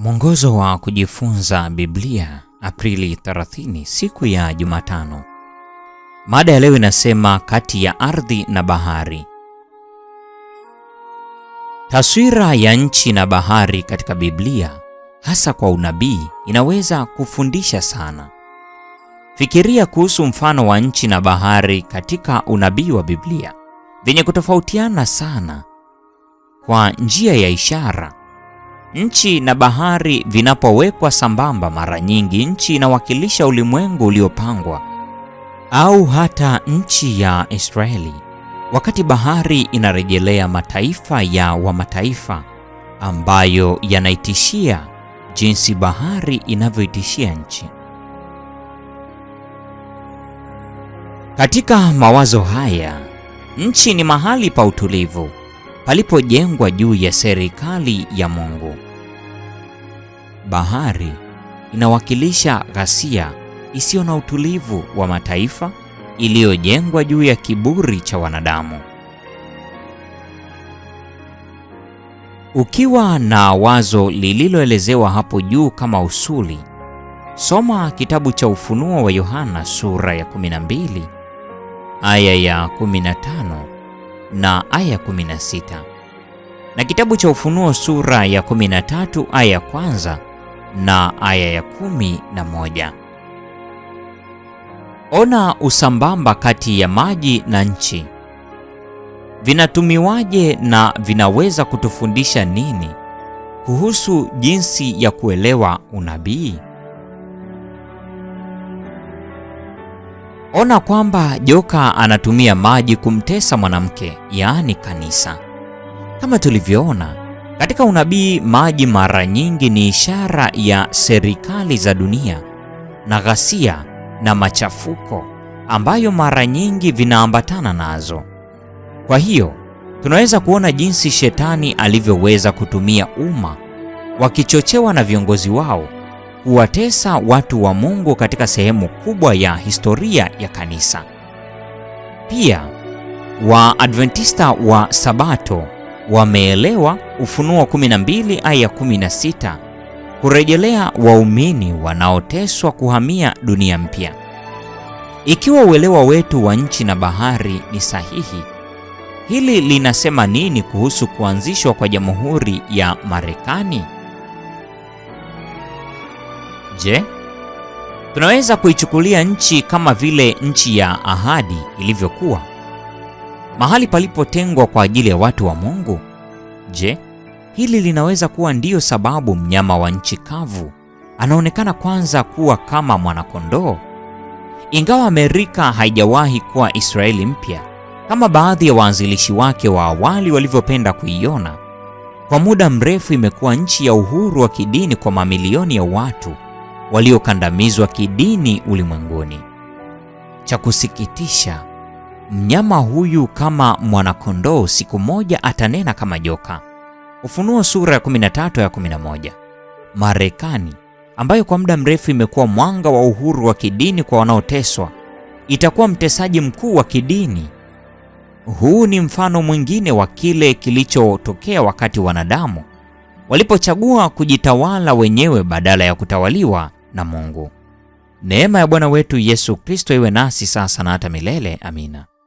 Mwongozo wa kujifunza Biblia, Aprili 30, siku ya Jumatano. Mada ya leo inasema kati ya ardhi na bahari. Taswira ya nchi na bahari katika Biblia, hasa kwa unabii, inaweza kufundisha sana. Fikiria kuhusu mfano wa nchi na bahari katika unabii wa Biblia, vyenye kutofautiana sana kwa njia ya ishara Nchi na bahari vinapowekwa sambamba, mara nyingi nchi inawakilisha ulimwengu uliopangwa au hata nchi ya Israeli, wakati bahari inarejelea mataifa ya wa mataifa ambayo yanaitishia jinsi bahari inavyoitishia nchi. Katika mawazo haya, nchi ni mahali pa utulivu palipojengwa juu ya serikali ya Mungu. Bahari inawakilisha ghasia isiyo na utulivu wa mataifa iliyojengwa juu ya kiburi cha wanadamu. Ukiwa na wazo lililoelezewa hapo juu kama usuli, soma kitabu cha Ufunuo wa Yohana sura ya 12 aya ya 15 na aya 16 na kitabu cha Ufunuo sura ya 13 aya ya kwanza na aya ya kumi na moja. Ona usambamba kati ya maji na nchi vinatumiwaje na vinaweza kutufundisha nini kuhusu jinsi ya kuelewa unabii? Ona kwamba joka anatumia maji kumtesa mwanamke, yaani kanisa. Kama tulivyoona katika unabii, maji mara nyingi ni ishara ya serikali za dunia na ghasia na machafuko ambayo mara nyingi vinaambatana nazo. Kwa hiyo tunaweza kuona jinsi shetani alivyoweza kutumia umma wakichochewa na viongozi wao kuwatesa watu wa Mungu katika sehemu kubwa ya historia ya kanisa. Pia Waadventista wa Sabato wameelewa Ufunuo 12 aya 16 kurejelea waumini wanaoteswa kuhamia dunia mpya. Ikiwa uelewa wetu wa nchi na bahari ni sahihi, hili linasema nini kuhusu kuanzishwa kwa jamhuri ya Marekani? Je, tunaweza kuichukulia nchi kama vile nchi ya ahadi ilivyokuwa, mahali palipotengwa kwa ajili ya watu wa Mungu? Je, hili linaweza kuwa ndiyo sababu mnyama wa nchi kavu anaonekana kwanza kuwa kama mwanakondoo? Ingawa Amerika haijawahi kuwa Israeli mpya kama baadhi ya waanzilishi wake wa awali walivyopenda kuiona, kwa muda mrefu imekuwa nchi ya uhuru wa kidini kwa mamilioni ya watu waliokandamizwa kidini ulimwenguni. Cha kusikitisha, mnyama huyu kama mwanakondoo siku moja atanena kama joka. Ufunuo sura ya 13 ya 11. Marekani ambayo kwa muda mrefu imekuwa mwanga wa uhuru wa kidini kwa wanaoteswa itakuwa mtesaji mkuu wa kidini. Huu ni mfano mwingine wa kile kilichotokea wakati wanadamu walipochagua kujitawala wenyewe badala ya kutawaliwa na Mungu. Neema ya Bwana wetu Yesu Kristo iwe nasi sasa na hata milele. Amina.